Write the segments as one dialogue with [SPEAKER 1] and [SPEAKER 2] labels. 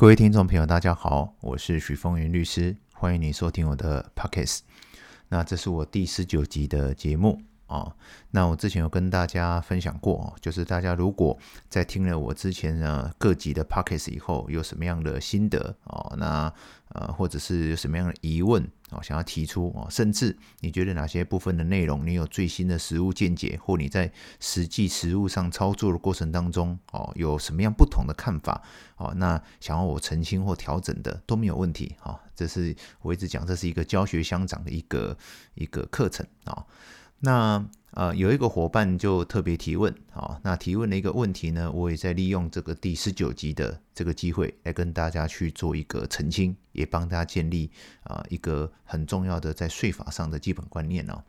[SPEAKER 1] 各位聽眾朋友，大家好，我是許峰源律師，歡迎你收聽我的 podcast。那這是我第十九集的節目啊、哦。那我之前有跟大家分享過，就是大家如果在聽了我之前呢各集的 podcast 以後，有什麼樣的心得哦，那呃，或者是有什麼樣的疑問？哦，想要提出哦，甚至你覺得哪些部分的內容，你有最新的實務見解，或你在實際實務上操作的過程當中，哦，有什麼樣不同的看法哦？那想要我澄清或調整的都沒有問題。哦，這是我一直講，這是一個教學相長的一個一個課程哦。那呃，有一個夥伴就特別提問啊、哦，那提問的一個問題呢，我也在利用這個第十九集的這個機會來跟大家去做一個澄清，也幫大家建立啊、呃、一個很重要的在稅法上的基本觀念哦。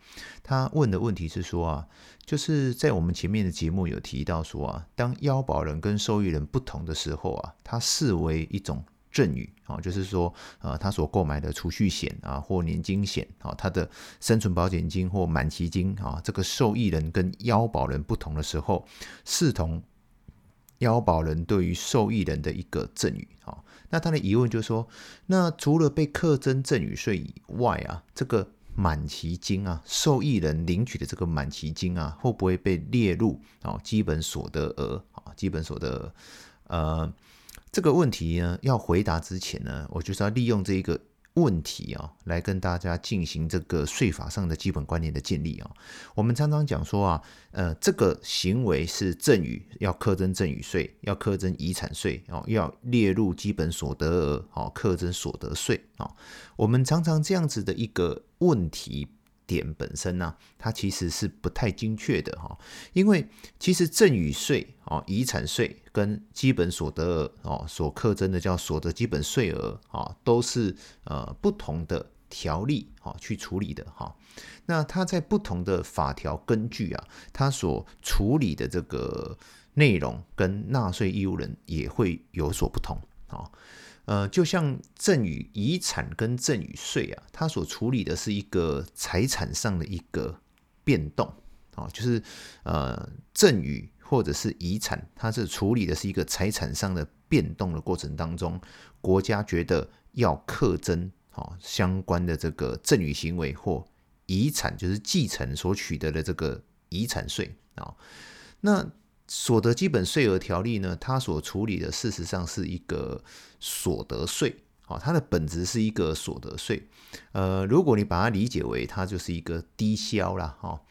[SPEAKER 1] 他問的問題是說啊，就是在我們前面的節目有提到說啊，當要保人跟受益人不同的時候啊，他視為一種。贈與啊，就是說、呃，他所購買的儲蓄險啊，或年金險啊、哦，他的生存保險金或滿期金啊、哦，這個受益人跟要保人不同的時候，視同要保人對於受益人的一個贈與啊。那他的疑問就是說，那除了被課徵贈與稅以外啊，這個滿期金啊，受益人領取的這個滿期金啊，會不會被列入啊、哦、基本所得額啊、哦、基本所得額呃？這個問題呢，要回答之前呢，我就是要利用這一個問題啊、哦，來跟大家進行這個稅法上的基本觀念的建立啊、哦。我們常常講說啊，呃，這個行為是贈與，要課徵贈與稅，要課徵遺產稅哦，要列入基本所得額哦，課徵所得稅啊、哦。我們常常這樣子的一個問題。點本身呢、啊，它其實是不太精確的哈，因為其實贈與稅啊、遺產稅跟基本所得額哦所課徵的叫所得基本稅額啊，都是呃不同的條例啊去處理的哈。那它在不同的法條根據啊，它所處理的這個內容跟納稅義務人也會有所不同啊。呃，就像贈與、遺產跟贈與稅啊，它所處理的是一個財產上的一個變動啊、哦，就是呃贈與或者是遺產，它是處理的是一個財產上的變動的過程當中，國家覺得要課徵啊相關的這個贈與行為或遺產，就是繼承所取得的這個遺產稅啊、哦，那。所得基本稅額條例呢，它所處理的事實上是一個所得稅，啊，它的本質是一個所得稅，呃，如果你把它理解為它就是一個低消啦。哈，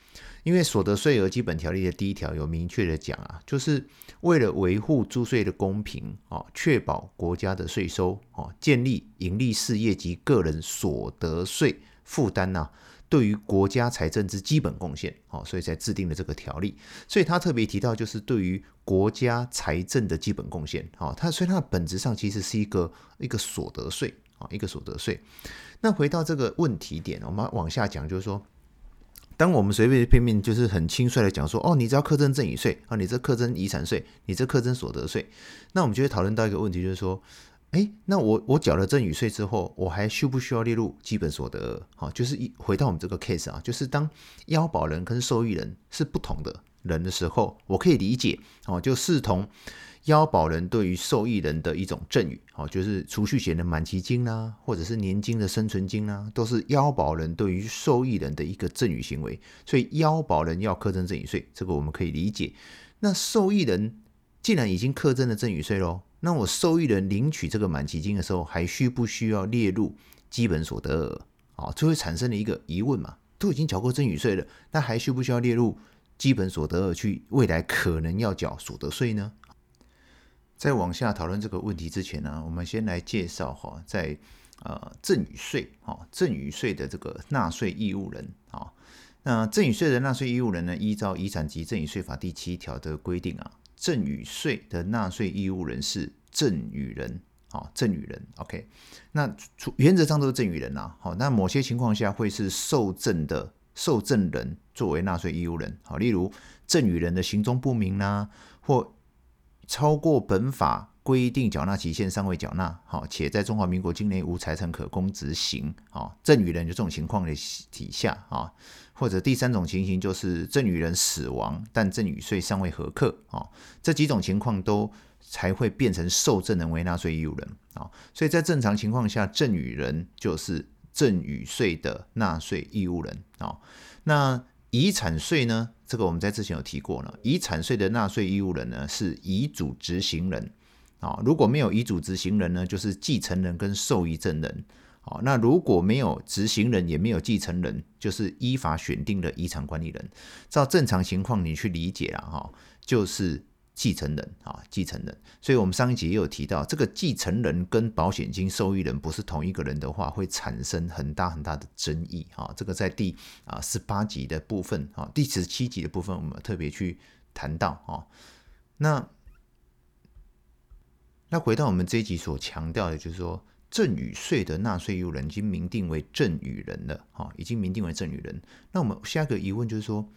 [SPEAKER 1] 因為所得稅額基本條例的第一條有明確地講啊，就是為了維護租稅的公平，啊，確保國家的稅收，啊，建立營利事業及個人所得稅負擔呢、啊。對於國家財政之基本貢獻，哦，所以才制定了這個條例。所以他特別提到，就是對於國家財政的基本貢獻，哦，它所以它的本質上其實是一個一個所得稅，啊，一個所得稅。那回到這個問題點，我們往下講，就是說，當我們隨便便便就是很輕率的講說，哦，你只要課徵贈與稅啊，你這課徵遺產稅，你這課徵所得稅，那我們就會討論到一個問題，就是說。哎，那我我繳了贈與稅之後，我還需不需要列入基本所得額？好、哦，就是一回到我們這個 case 啊，就是當要保人跟受益人是不同的人的時候，我可以理解哦，就視、是、同要保人對於受益人的一種贈與哦，就是儲蓄險的滿期金啦，或者是年金的生存金啦、啊，都是要保人對於受益人的一個贈與行為，所以要保人要課徵贈與稅，這個我們可以理解。那受益人既然已經課徵了贈與稅咯。那我受益人領取這個滿期金的時候，還需不需要列入基本所得額？啊、哦，就會產生了一個疑問嘛，都已經繳過贈與稅了，那還需不需要列入基本所得額去未來可能要繳所得稅呢？在往下討論這個問題之前呢，我們先來介紹哈、哦，在呃贈與稅，哈、哦、贈與稅的這個納稅義務人，啊、哦，那贈與稅的納稅義務人呢，依照遺產及贈與稅法第七條的規定啊。贈與稅的納稅義務人是贈與人，哦，贈與人，OK。那除原則上都是贈與人吶，好，那某些情況下會是受贈的受贈人作為納稅義務人，好，例如贈與人的行蹤不明啦、啊，或超過本法。規定繳納期限尚未繳納，好，且在中華民國境內無財產可供執行，好，贈與人就這種情況的底下啊，或者第三種情形，就是贈與人死亡，但贈與稅尚未核課，啊，這幾種情況都才會變成受贈人為納稅義務人，啊，所以在正常情況下，贈與人就是贈與稅的納稅義務人，啊，那遺產稅呢？這個我們在之前有提過了，遺產稅的納稅義務人呢是遺囑執行人。啊，如果沒有遺囑執行人呢，就是繼承人跟受益證人。啊，那如果沒有執行人也沒有繼承人，就是依法選定的遺產管理人。照正常情況，你去理解了哈，就是繼承人啊，繼承人。所以我們上一集也有提到，這個繼承人跟保險金受益人不是同一個人的話，會產生很大很大的爭議哈，這個在第啊十八集的部分啊，第十七集的部分我們特別去談到啊，那。那回到我們這一集所強調的，就是說贈與稅的納稅義務人已經明定為贈與人了，哈，已經明定為贈與人。那我們下一個疑問就是說，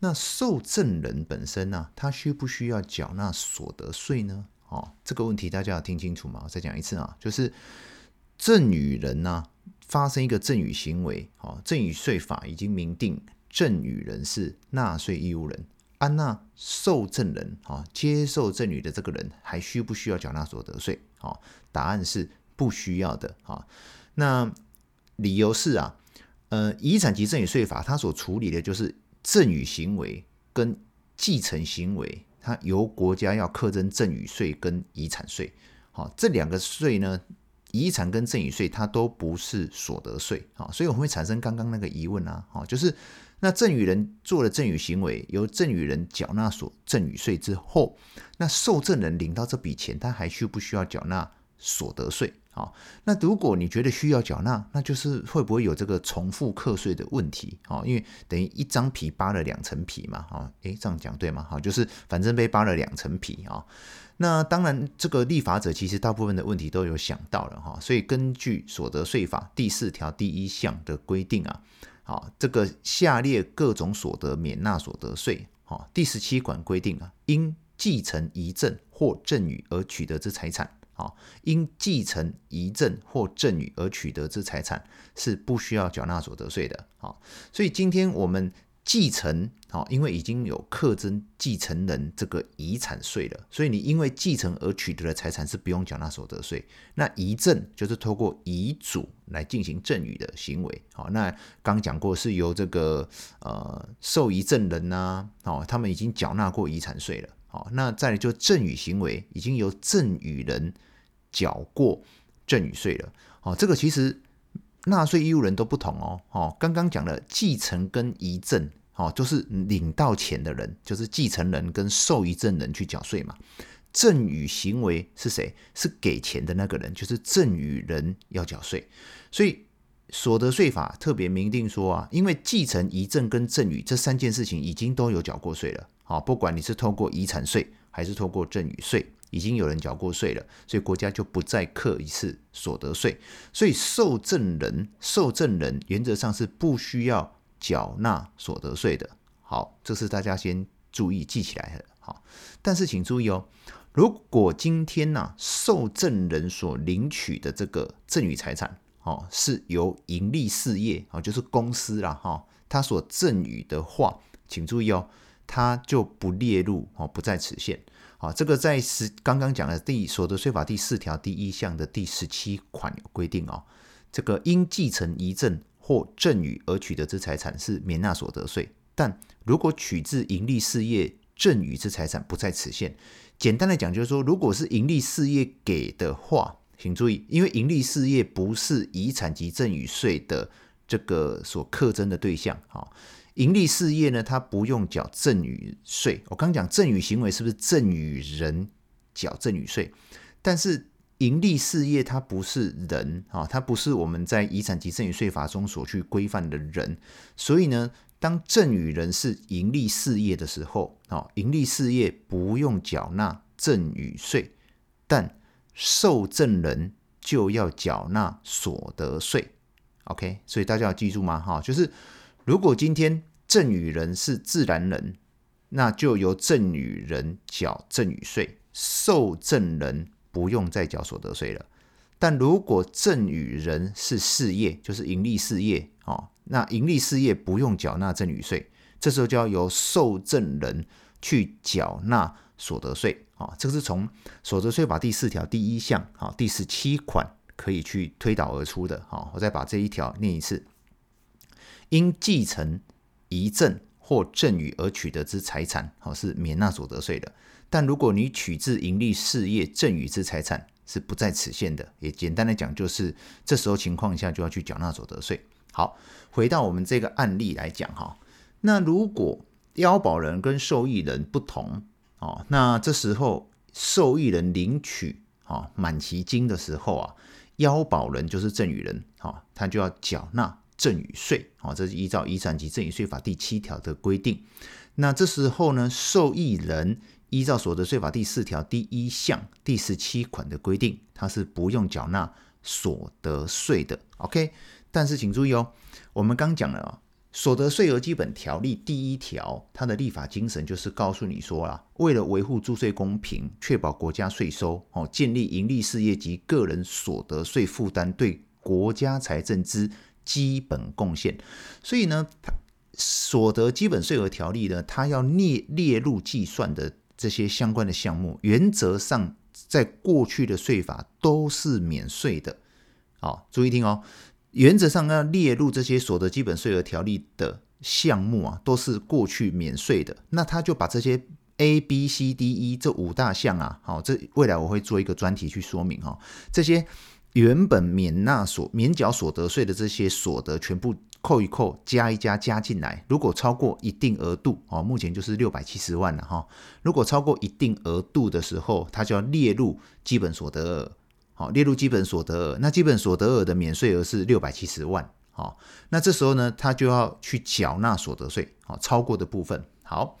[SPEAKER 1] 那受贈人本身呢，啊，他需不需要繳納所得稅呢？哦，這個問題大家要聽清楚嗎？我再講一次啊，就是贈與人呢，啊，發生一個贈與行為，哦，贈與稅法已經明定贈與人是納稅義務人。安娜、啊、受贈人啊，接受贈與的這個人還需不需要繳納所得稅？啊，答案是不需要的啊。那理由是啊，呃，遺產及贈與稅法它所處理的就是贈與行為跟繼承行為，它由國家要課徵贈與稅跟遺產稅。好，這兩個稅呢，遺產跟贈與稅它都不是所得稅啊，所以我們會產生剛剛那個疑問啊，啊，就是。那贈與人做了贈與行為，由贈與人繳納所贈與稅之後，那受贈人領到這筆錢，他還需不需要繳納所得稅？啊、哦，那如果你覺得需要繳納，那就是會不會有這個重複課稅的問題？啊、哦，因為等於一張皮扒了兩層皮嘛，啊、哦，哎，這樣講對嗎？啊、哦，就是反正被扒了兩層皮啊。哦那當然，這個立法者其實大部分的問題都有想到了哈，所以根據所得稅法第四條第一項的規定啊，好，這個下列各種所得免納所得稅，第十七款規定啊，因繼承、遺贈或贈與而取得之財產，啊，因繼承、遺贈或贈與而取得之財產是不需要繳納所得稅的啊，所以今天我們繼承。好，因為已經有課徵繼承人這個遺產稅了，所以你因為繼承而取得的財產是不用繳納所得稅。那遺贈就是透過遺囑來進行贈與的行為。好，那剛講過是由這個呃受遺贈人吶，哦，他們已經繳納過遺產稅了。好，那再來就贈與行為已經由贈與人繳過贈與稅了。好，這個其實納稅義務人都不同哦。好，剛剛講的繼承跟遺贈。哦，就是領到錢的人，就是繼承人跟受遺贈人去繳稅嘛。贈與行為是誰？是給錢的那個人，就是贈與人要繳稅。所以所得稅法特別明定說啊，因為繼承、遺贈跟贈與這三件事情已經都有繳過稅了。啊、哦，不管你是透過遺產稅還是透過贈與稅，已經有人繳過稅了，所以國家就不再課一次所得稅。所以受贈人、受贈人原則上是不需要繳納所得稅的，好，這是大家先注意記起來的，好。但是請注意哦，如果今天吶、啊，受贈人所領取的這個贈與財產，哦，是由營利事業，哦，就是公司啦，哈、哦，他所贈與的話，請注意哦，他就不列入，哦，不在此限，啊、哦，這個在十剛剛講的第所得稅法第四條第一項的第十七款有規定哦，這個因繼承遺贈。或贈與而取得之財產是免納所得稅，但如果取自盈利事業贈與之財產不在此限。簡單來講，就是說，如果是盈利事業給的話，請注意，因為盈利事業不是遺產及贈與稅的這個所課徵的對象啊。盈利事業呢，它不用繳贈與稅。我剛剛講贈與行為是不是贈與人繳贈與稅？但是。營利事業它不是人啊，它不是我們在遺產及贈與稅法中所去規範的人，所以呢，當贈與人是營利事業的時候啊，營利事業不用繳納贈與稅，但受贈人就要繳納所得稅。OK，所以大家要記住嗎？哈，就是如果今天贈與人是自然人，那就由贈與人繳贈與稅，受贈人。不用再繳所得稅了，但如果贈與人是事業，就是盈利事業哦，那盈利事業不用繳納贈與稅，這時候就要由受贈人去繳納所得稅啊。這是從所得稅法第四條第一項啊第十七款可以去推導而出的啊。我再把這一條念一次：因繼承、遺贈或贈與而取得之財產，啊是免納所得稅的。但如果你取自盈利事業贈與之財產，是不在此限的。也簡單來講，就是這時候情況下就要去繳納所得稅。好，回到我們這個案例來講哈，那如果要保人跟受益人不同哦，那這時候受益人領取啊滿期金的時候啊，要保人就是贈與人啊，他就要繳納贈與稅啊。這是依照《遺產及贈與稅法》第七條的規定。那這時候呢，受益人。依照所得稅法第四條第一項第十七款的規定，它是不用繳納所得稅的。OK，但是請注意哦，我們剛講了啊，所得稅額基本條例第一條，它的立法精神就是告訴你說啊，為了維護租稅公平，確保國家稅收哦，建立盈利事業及個人所得稅負擔對國家財政之基本貢獻。所以呢，它所得基本稅額條例呢，它要列列入計算的。這些相關的項目，原則上在過去的稅法都是免稅的。好，注意聽哦。原則上要列入這些所得基本稅額條例的項目啊，都是過去免稅的。那他就把這些 A、B、C、D、E 這五大項啊，好，這未來我會做一個專題去說明哈。這些原本免納所免繳所得稅的這些所得，全部。扣一扣，加一加，加進來。如果超過一定額度，哦，目前就是六百七十萬了哈。如果超過一定額度的時候，它就要列入基本所得額，好，列入基本所得額。那基本所得額的免稅額是六百七十萬，好，那這時候呢，它就要去繳納所得稅，好，超過的部分。好，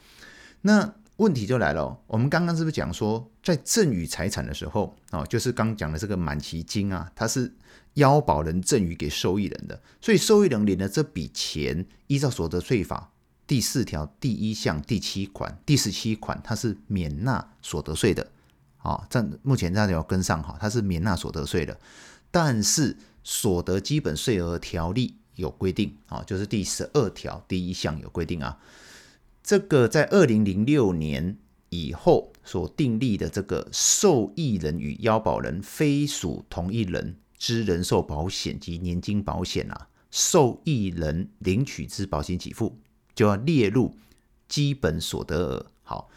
[SPEAKER 1] 那問題就來了，我們剛剛是不是講說，在贈與財產的時候，哦，就是剛講的這個滿期金啊，它是。要保人贈與給受益人的，所以受益人領了這筆錢，依照所得稅法第四條第一項第七款、第十七款，它是免納所得稅的。啊、哦，這目前大家要跟上哈，它是免納所得稅的。但是所得基本稅額條例有規定啊、哦，就是第十二條第一項有規定啊。這個在二零零六年以後所訂立的這個受益人與要保人非屬同一人。之人壽保險及年金保險啊，受益人領取之保險給付就要列入基本所得額。好，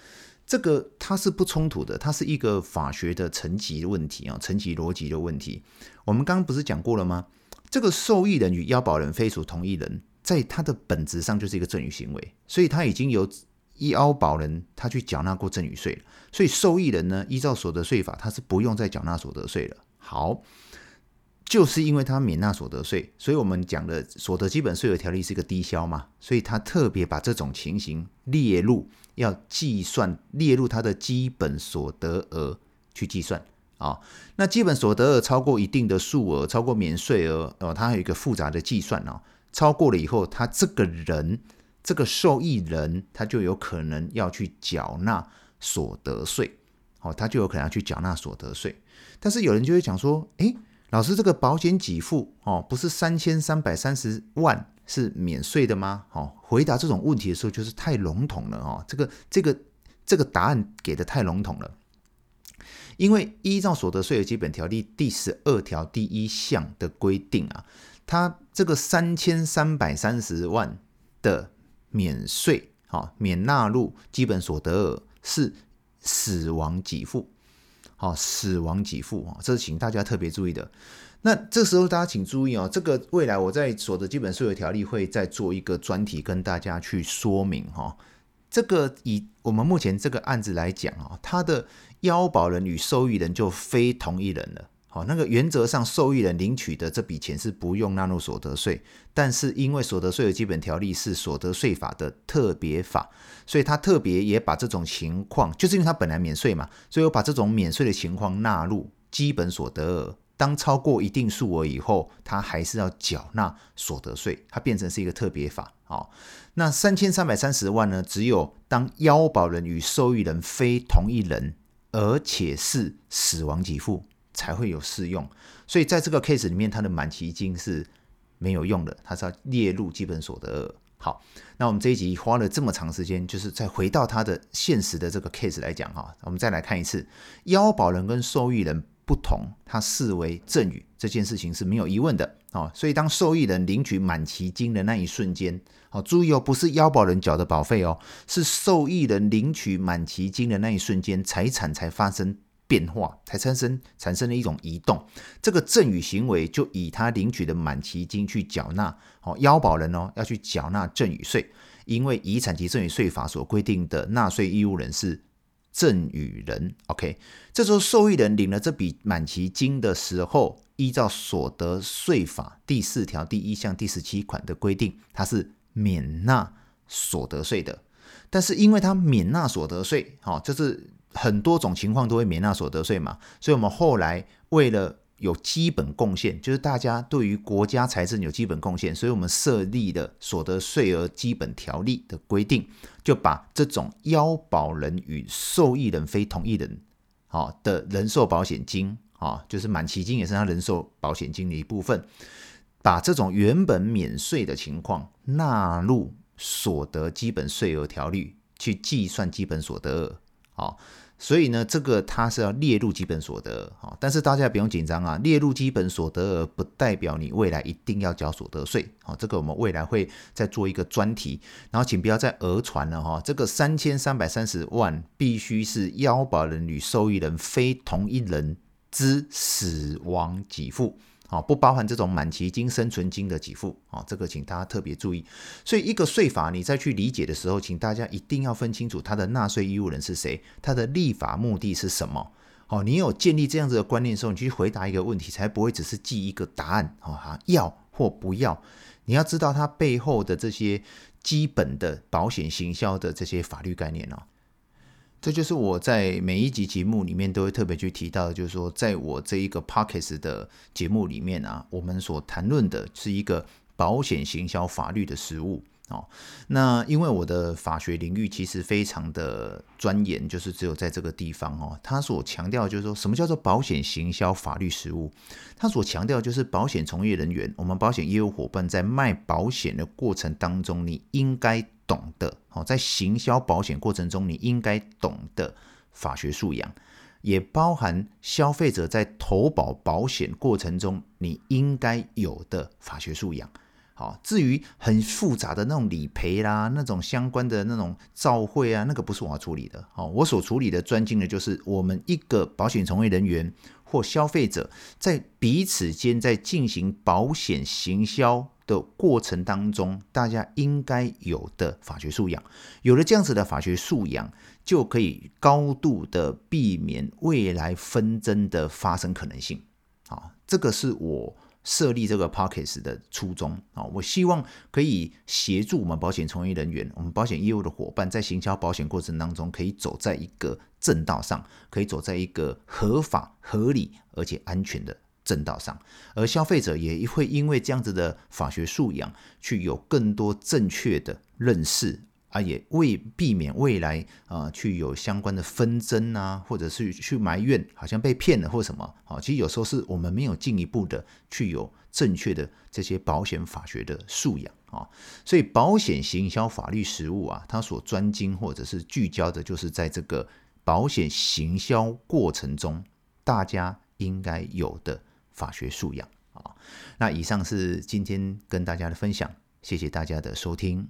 [SPEAKER 1] 這個它是不衝突的，它是一個法學的層級問題啊、哦，層級邏輯的問題。我們剛剛不是講過了嗎？這個受益人與要保人非屬同一人，在它的本質上就是一個贈與行為，所以他已經由要保人他去繳納過贈與稅，所以受益人呢，依照所得稅法，他是不用再繳納所得稅了。好。就是因為他免納所得稅，所以我們講的《所得基本稅額條例》是一個低消嘛，所以他特別把這種情形列入要計算，列入他的基本所得額去計算啊、哦。那基本所得額超過一定的數額，超過免稅額哦，他還有一個複雜的計算哦。超過了以後，他這個人這個受益人，他就有可能要去繳納所得稅哦，他就有可能要去繳納所得稅。但是有人就會講說，哎。老師，這個保險給付哦，不是三千三百三十萬是免稅的嗎？好、哦，回答這種問題的時候就是太籠統了哦。這個、這個、這個答案給的太籠統了，因為依照所得稅的基本條例第十二條第一項的規定啊，它這個三千三百三十萬的免稅，哈、哦，免納入基本所得額是死亡給付。好，死亡給付啊，這是請大家特別注意的。那這時候大家請注意哦，這個未來我在所得基本稅額條例會再做一個專題跟大家去說明哈、哦。這個以我們目前這個案子來講啊、哦，它的要保人與受益人就非同一人了。好，那個原則上受益人領取的這筆錢是不用納入所得稅，但是因為所得稅的基本條例是所得稅法的特別法，所以他特別也把這種情況，就是因為他本來免稅嘛，所以我把這種免稅的情況納入基本所得額，當超過一定數額以後，他還是要繳納所得稅，它變成是一個特別法。好，那三千三百三十萬呢？只有當要保人與受益人非同一人，而且是死亡給付。才會有適用，所以在這個 case 裡面，它的滿期金是沒有用的，它是要列入基本所得額。好，那我們這一集花了這麼長時間，就是再回到它的現實的這個 case 來講哈，我們再來看一次，要保人跟受益人不同，它視為贈與這件事情是沒有疑問的哦。所以當受益人領取滿期金的那一瞬間，哦，注意哦，不是要保人繳的保費哦，是受益人領取滿期金的那一瞬間，財產才發生。變化才產生，產生了一種移動，這個贈與行為就以他領取的滿期金去繳納，好、哦，要保人哦，要去繳納贈與稅，因為遺產及贈與稅法所規定的納稅義務人是贈與人。OK，這時候受益人領了這筆滿期金的時候，依照所得稅法第四條第一項第十七款的規定，他是免納所得稅的。但是因為他免納所得稅，哦，這、就是。很多種情況都會免納所得稅嘛，所以我們後來為了有基本貢獻，就是大家對於國家財政有基本貢獻，所以我們設立的所得稅額基本條例的規定，就把這種要保人與受益人非同一人，啊，的人壽保險金啊，就是滿期金也是他人壽保險金的一部分，把這種原本免稅的情況納入所得基本稅額條例去計算基本所得額。好，所以呢，這個它是要列入基本所得，哈，但是大家不用緊張啊，列入基本所得不代表你未來一定要繳所得稅，好，這個我們未來會再做一個專題，然後請不要再訛傳了哈，這個三千三百三十萬必須是要保人與受益人非同一人之死亡給付。啊，不包含這種滿期金、生存金的給付啊，這個請大家特別注意。所以，一個稅法你再去理解的時候，請大家一定要分清楚它的納稅義務人是誰，它的立法目的是什麼？哦，你有建立這樣子的觀念的時候，你去回答一個問題，才不會只是記一個答案啊，哈，要或不要，你要知道它背後的這些基本的保險行銷的這些法律概念哦。這就是我在每一集節目裡面都會特別去提到的，就是說，在我這一個 Podcast 的節目裡面啊，我們所談論的是一個保險行銷法律的實務哦，那因為我的法學領域其實非常的鑽研，就是只有在這個地方哦，他所強調就是說什麼叫做保險行銷法律實務，他所強調就是保險從業人員，我們保險業務夥伴在賣保險的過程當中，你應該，懂得哦，在行銷保險過程中，你應該懂得法學素養，也包含消費者在投保保險過程中，你應該有的法學素養。啊，至於很複雜的那種理賠啦，那種相關的那種召會啊，那個不是我要處理的。哦，我所處理的專精呢，就是我們一個保險從業人員或消費者在彼此間在進行保險行銷的過程當中，大家應該有的法學素養。有了這樣子的法學素養，就可以高度的避免未來紛爭的發生可能性。啊，這個是我。設立這個 Podcast 的初衷，啊，我希望可以協助我們保險從業人員、我們保險業務的夥伴，在行銷保險過程當中，可以走在一個正道上，可以走在一個合法、合理而且安全的正道上，而消費者也會因為這樣子的法學素養，去有更多正確的認識。啊，也為避免未來啊去有相關的紛爭啊，或者是去埋怨，好像被騙了或什麼啊，其實有時候是我們沒有進一步的去有正確的這些保險法學的素養啊，所以保險行銷法律實務啊，它所專精或者是聚焦的，就是在這個保險行銷過程中大家應該有的法學素養啊。那以上是今天跟大家的分享，謝謝大家的收聽。